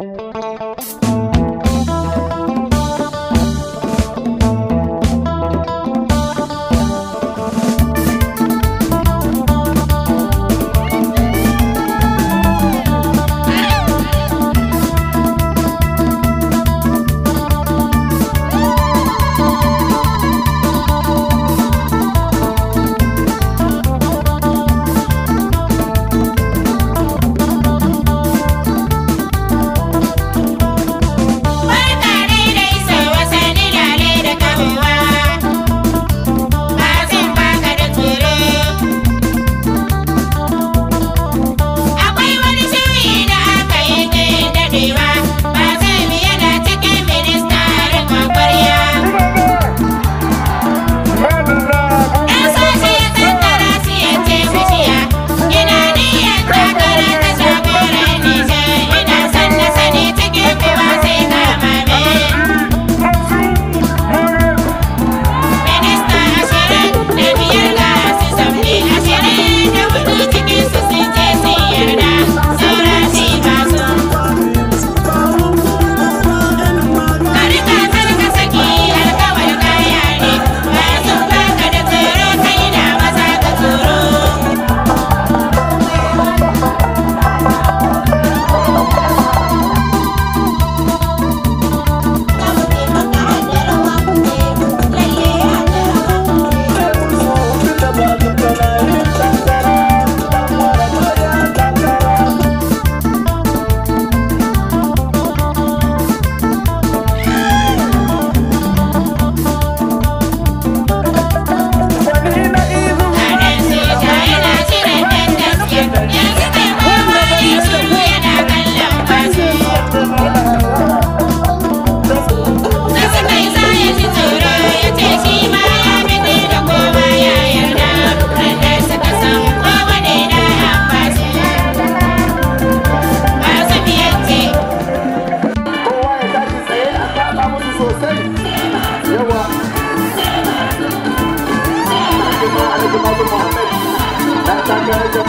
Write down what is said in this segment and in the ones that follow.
Música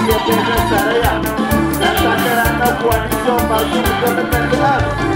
India, Peter, Saraya. That's not that I'm not going to